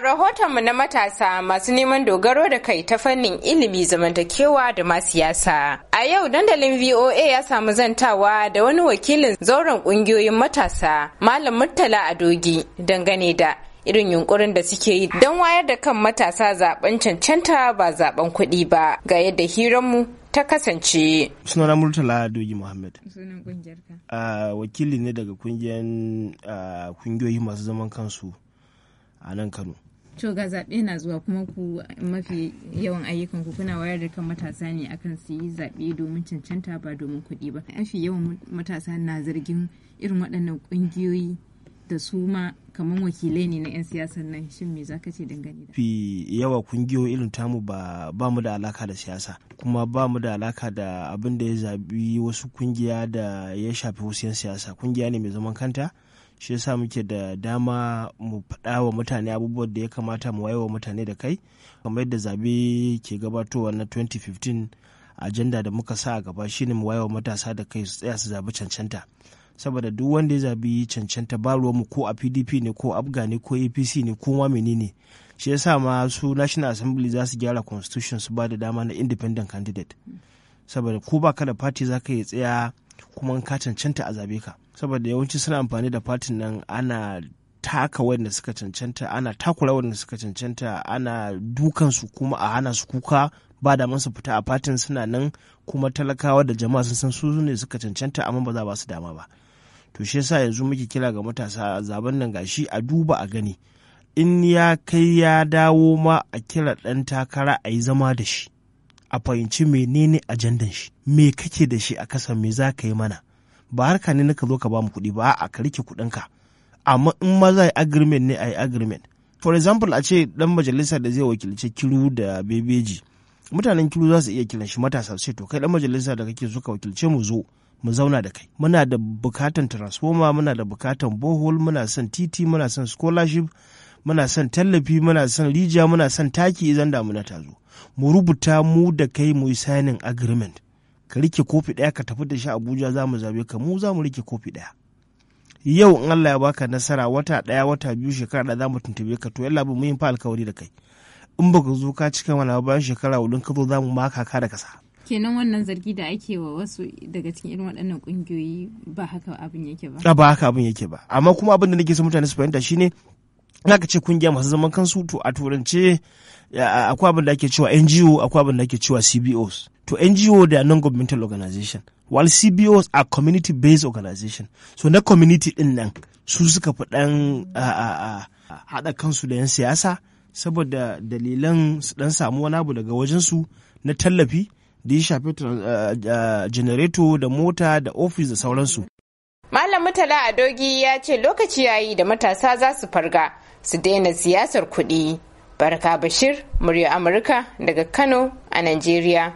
A rahotonmu na matasa masu neman dogaro da kai ta fannin ilimi zamantakewa da ma siyasa. A yau dandalin VOA ya samu zantawa da wani wakilin zauren kungiyoyin matasa Malam Murtala Adogi dangane da irin yunkurin da suke yi don wayar da kan matasa zaben cancanta ba zaben kuɗi ba ga yadda hiranmu ta kasance. Sunana Murtala Dogi Muhammad. Sunan Uh, wakili ne daga kungiyoyin masu zaman kansu a nan Kano. to ga zaɓe na zuwa kuma ku mafi yawan ayyukan ku kuna wayar da kan matasa ne akan su yi zaɓe domin cancanta ba domin kuɗi ba mafi yawan matasa na zargin irin waɗannan ƙungiyoyi da su ma kamar wakilai ne na 'yan siyasar nan shin me zaka ce dangane da fi yawa kungiyo irin tamu ba ba mu da alaka da siyasa kuma ba mu da alaka da abin da ya zabi wasu kungiya da ya shafi wasu 'yan siyasa kungiya ne mai zaman kanta shi yasa muke da dama mu faɗa wa mutane abubuwan da ya kamata mu wayewa mutane da kai kamar yadda zabe ke gabatowa na 2015 ajanda da muka sa a gaba shine mu wayewa matasa da kai su tsaya su zabi cancanta saboda duk wanda ya zabi cancanta ba mu ko a pdp ne ko abga ne ko apc ne ko ma menene shi yasa ma su national assembly za su gyara constitution su ba da dama na independent candidate saboda ko ba ka da party za ka yi tsaya kuma ka cancanta a zabe ka saboda yawanci suna amfani da fatin nan ana taka wadanda suka cancanta ana takura wadanda suka cancanta ana su kuma a hana su kuka ba da su fita a fatin suna nan kuma talakawa da jama'a sun san su ne suka cancanta amma ba za ba su dama ba to shi yasa yanzu muke kira ga matasa zaben nan gashi a duba a gani in ya kai ya dawo ma a kira ɗan takara a yi zama da shi a fahimci menene ajandan shi me kake da shi a kasa me za ka yi mana ba harka ne na ka zo ka ba mu kuɗi ba a ka rike kuɗinka amma in ma za a yi agreement ne a yi agreement for example a ce dan majalisa da zai wakilci kiru da bebeji mutanen kiru za su iya kiran shi matasa sai to kai dan majalisa da kake so ka wakilce mu zo mu zauna da kai muna da bukatan transformer muna da bukatan bohol muna son titi muna son scholarship muna son tallafi muna son rijiya muna son taki idan damuna ta tazo mu rubuta mu da kai mu yi signing agreement ka rike kofi ɗaya ka tafi da shi abuja za mu zabe ka mu za mu rike kofi ɗaya yau in allah ya baka nasara wata ɗaya wata biyu shekara ɗaya za mu tuntube ka to yalla mu yin fa alkawari da kai in baka zo ka cika mana bayan shekara hudu ka zo za mu maka ka da kasa kenan wannan zargi da ake wa wasu daga cikin irin waɗannan ƙungiyoyi ba haka abin yake ba ba haka abin yake ba amma kuma abin da nake so mutane su fahimta shine ka ce kungiya masu zaman kansu to a turance akwai abin da ake cewa NGO akwai abin da ake cewa CBOs to NGO da non-governmental organization while CBOs are community based organization so na community din nan su suka fi dan haɗa kansu da 'yan siyasa saboda dalilan su dan samu wani abu daga wajensu na tallafi da ya shafi janareto eh, eh, da mota da ofis da sauransu Malam Murtala Adogi ya ce lokaci ya yi da matasa za su farga su daina siyasar kuɗi. Barka Bashir, murya Amurka daga Kano a Najeriya.